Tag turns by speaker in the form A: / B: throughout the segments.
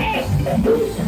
A: Hey!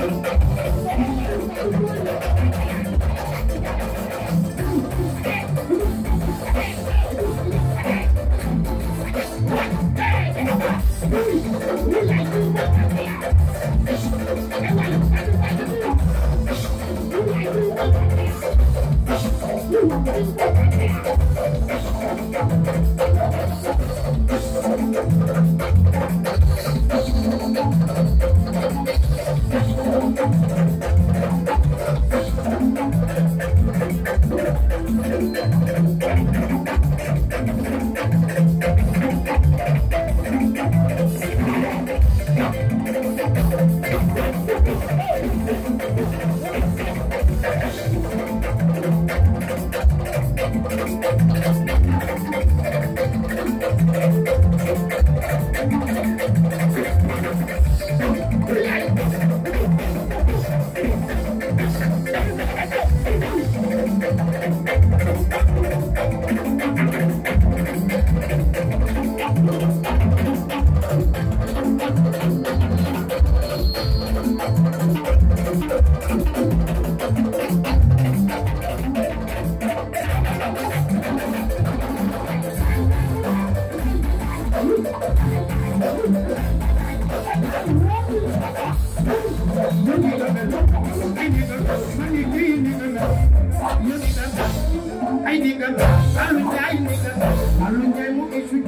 A: Thank you.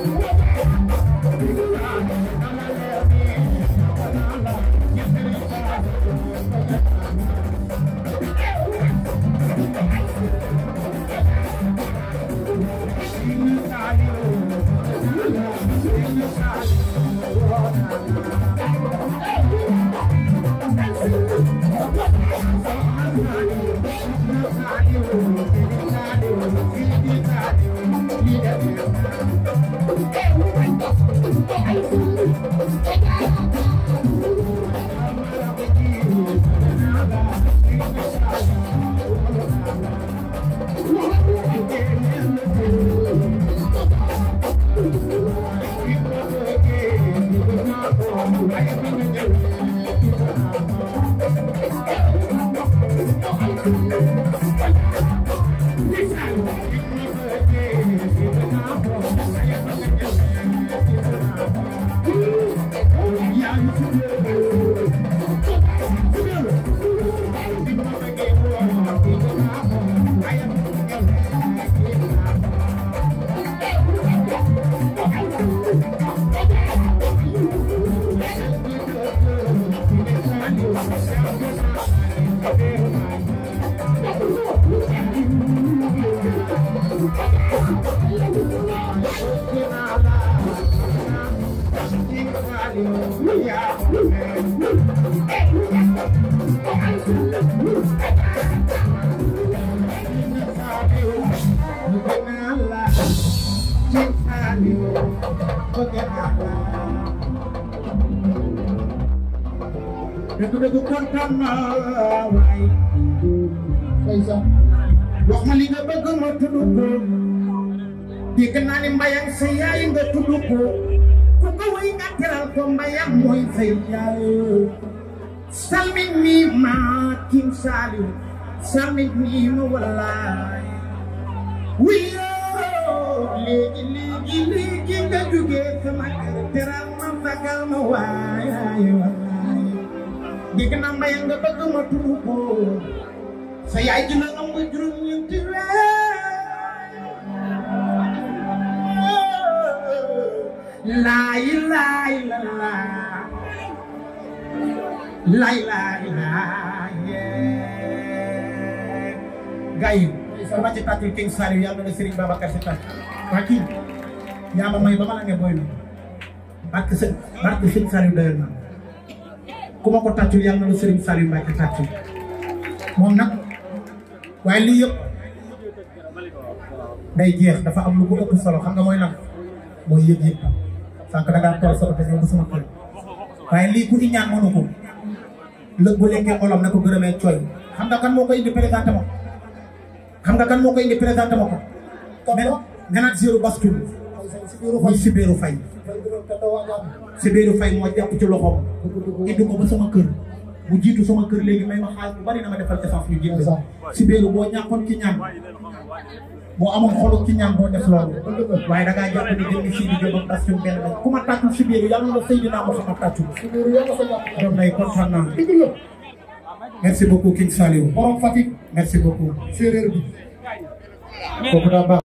A: Thank you. dëgg dëgg
B: kontaan naa waay ndeysaan wax ma li nga bëgg ma tudd ko dégg naa ne mbayang sa yaay nga tudd ko ba way nga teral ko mbayam mooy say yaay salmin mi ma kim saaliw salmin mi ma wallaay wiyoo léegi léegi léegi nga jógee sama kër teral ma sagal ma waayaay wallaay dégg naa mbayam nga bëgg ma tuub sa yaay dina am juróom ñeenti weer
A: laa ilaaha illallaah
B: laa ilaaha illallaah gaa yi ku yàlla na Serigne Babacar si tàcc waa kii yaa ma may ba ma la na barke sëñ barke sëñ Saliou doyal na ku ma ko tàccul yàlla na Serigne Saliou Mbacke tàccul moom nag waaye lii day jeex dafa am lu ko ëpp solo xam nga mooy lan mooy sànq da ngaa toll soo desee bu sama kër waaye lii ku ñaan mënu ko lëg bu lekkee xolam na ko gërëmee cooy xam nga kan moo koy indi présenté ma xam nga kan moo koy indi présenté ma ko mais nga naat zéro bascule muy Sibéru Faye Sibéru Faye moo jàpp ci loxoom indi ba sama kër mu jiitu sama kër léegi may ma xaalis bu bari na ma defal essence ñu jiitu Sibéru boo ñàkkoon ci ñaan moo amoon xolu ci ñaan boo def loolu waaye da ngaa jàpp ni jënd si di jóg ak suñu ku ma tàccu si biir yàlla la Seydina Mouhamed tàccu donc day kontaan naa merci beaucoup King Saliou borom Fatick merci beaucoup séeréer bi daa baax